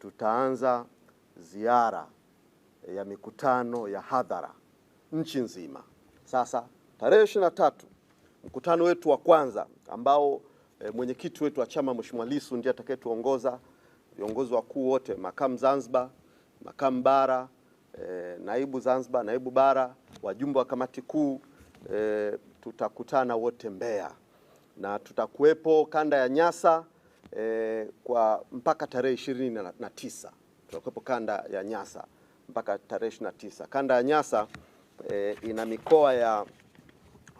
tutaanza ziara ya mikutano ya hadhara nchi nzima. Sasa tarehe ishirini na tatu mkutano wetu wa kwanza ambao e, mwenyekiti wetu wa chama Mheshimiwa Lissu ndiye atakayetuongoza, viongozi wakuu wote, makamu Zanzibar, makamu bara e, naibu Zanzibar, naibu bara, wajumbe wa kamati kuu e, tutakutana wote Mbeya na tutakuwepo kanda ya Nyasa e, kwa mpaka tarehe ishirini na tisa tutakuwepo kanda ya Nyasa mpaka tarehe ishirini na tisa. Kanda ya Nyasa e, ina mikoa ya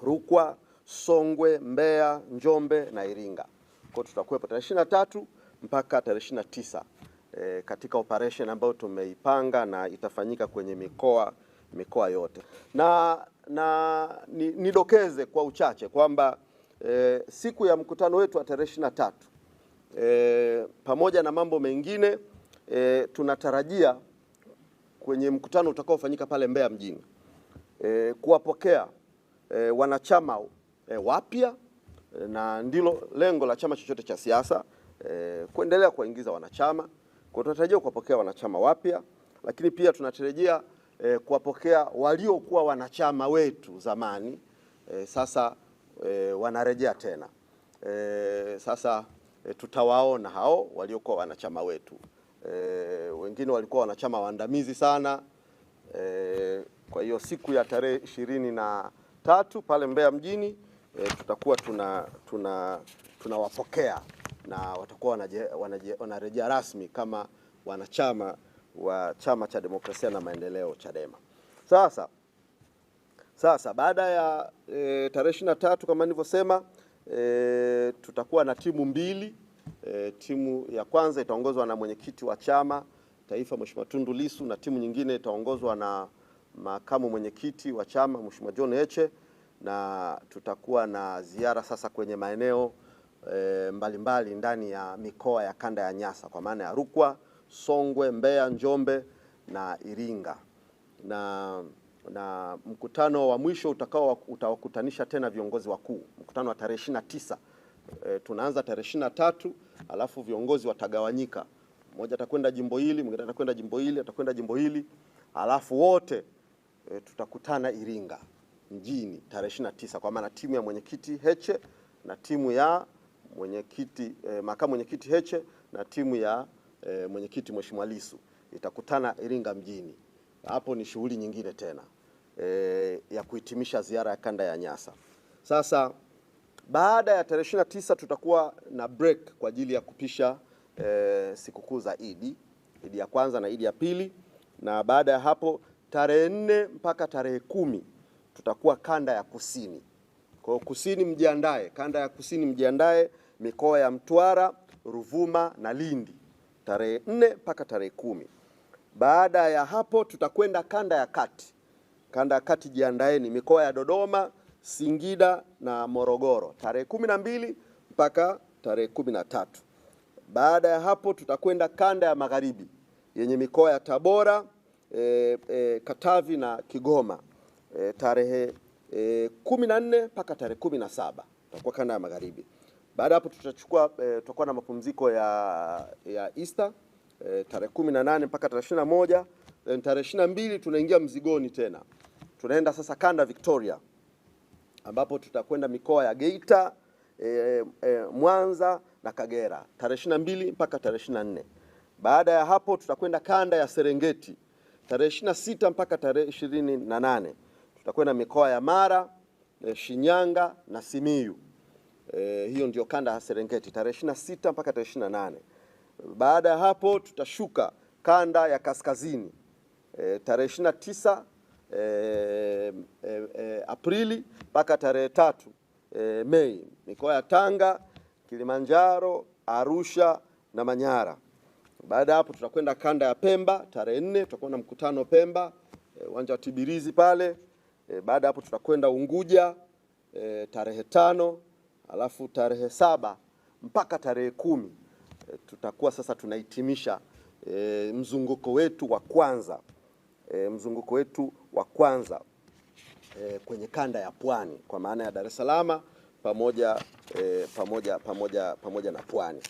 Rukwa, Songwe, Mbeya, Njombe na Iringa. Kwa tutakuwepo tarehe ishirini na tatu mpaka tarehe ishirini na tisa e, katika operation ambayo tumeipanga na itafanyika kwenye mikoa mikoa yote na, na nidokeze ni kwa uchache kwamba e, siku ya mkutano wetu wa tarehe ishirini na tatu e, pamoja na mambo mengine e, tunatarajia kwenye mkutano utakaofanyika pale Mbeya mjini e, kuwapokea e, wanachama e, wapya e, na ndilo lengo la chama chochote cha siasa e, kuendelea kuwaingiza wanachama kwa, tunatarajia kuwapokea wanachama wapya, lakini pia tunatarajia e, kuwapokea waliokuwa wanachama wetu zamani e, sasa e, wanarejea tena e, sasa e, tutawaona hao waliokuwa wanachama wetu e, wengine walikuwa wanachama waandamizi sana e, kwa hiyo siku ya tarehe ishirini na tatu pale Mbeya mjini e, tutakuwa tuna tuna tunawapokea na watakuwa wanarejea rasmi kama wanachama wa Chama cha Demokrasia na Maendeleo Chadema. Sasa sasa baada ya e, tarehe ishirini na tatu kama nilivyosema e, tutakuwa na timu mbili e, timu ya kwanza itaongozwa na mwenyekiti wa chama taifa Mheshimiwa Tundu Lissu na timu nyingine itaongozwa na makamu mwenyekiti wa chama Mheshimiwa John Heche, na tutakuwa na ziara sasa kwenye maeneo e, mbalimbali ndani ya mikoa ya kanda ya Nyasa kwa maana ya Rukwa, Songwe, Mbeya, Njombe na Iringa na na mkutano wa mwisho utakao utawakutanisha tena viongozi wakuu, mkutano wa tarehe ishirini na tisa. E, tunaanza tarehe ishirini na tatu alafu viongozi watagawanyika, mmoja atakwenda jimbo hili, mwingine atakwenda jimbo hili, atakwenda jimbo hili, alafu wote e, tutakutana Iringa mjini tarehe ishirini na tisa, kwa maana timu ya mwenyekiti Heche na timu ya mwenyekiti e, makamu mwenyekiti Heche na timu ya e, mwenyekiti Mheshimiwa Lissu itakutana Iringa mjini. Hapo ni shughuli nyingine tena e, ya kuhitimisha ziara ya kanda ya Nyasa. Sasa baada ya tarehe 29 tutakuwa na break kwa ajili ya kupisha e, sikukuu za Idi, Idi ya kwanza na Idi ya pili, na baada ya hapo tarehe nne mpaka tarehe kumi tutakuwa kanda ya kusini. Kwa hiyo kusini mjiandae, kanda ya kusini mjiandae, mikoa ya Mtwara, Ruvuma na Lindi tarehe nne mpaka tarehe kumi. Baada ya hapo tutakwenda kanda ya kati Kanda ya kati jiandaeni, mikoa ya Dodoma, Singida na Morogoro tarehe kumi na mbili mpaka tarehe kumi na tatu. Baada ya hapo tutakwenda kanda ya magharibi yenye mikoa ya Tabora, e, e, Katavi na Kigoma e, tarehe e, kumi na nne mpaka tarehe kumi na saba tutakuwa kanda ya magharibi. Baada hapo tutachukua e, tutakuwa na mapumziko ya, ya Easter e, tarehe kumi na nane mpaka tarehe ishirini na moja then eh, tarehe ishirini mbili tunaingia mzigoni tena, tunaenda sasa kanda Victoria ambapo tutakwenda mikoa ya Geita e, e, Mwanza na Kagera tarehe mbili mpaka tarehe ishirini nne Baada ya hapo tutakwenda kanda ya Serengeti tarehe ishirini sita mpaka tarehe 28 na nane tutakwenda mikoa ya Mara e, Shinyanga na Simiyu. E, hiyo ndio kanda ya Serengeti tarehe ishirini sita mpaka tarehe nane Baada ya hapo tutashuka kanda ya kaskazini Eh, tarehe 29 e, e, Aprili mpaka tarehe tatu e, Mei, mikoa ya Tanga, Kilimanjaro, Arusha na Manyara. Baada ya hapo tutakwenda kanda ya Pemba tarehe nne, tutakuwa na mkutano Pemba eh, uwanja e, wa Tibirizi pale e, baada ya hapo tutakwenda Unguja e, tarehe tano alafu tarehe saba mpaka tarehe kumi e, tutakuwa sasa tunahitimisha e, mzunguko wetu wa kwanza e, mzunguko wetu wa kwanza e, kwenye kanda ya pwani kwa maana ya Dar es Salaam pamoja, e, pamoja, pamoja, pamoja na pwani.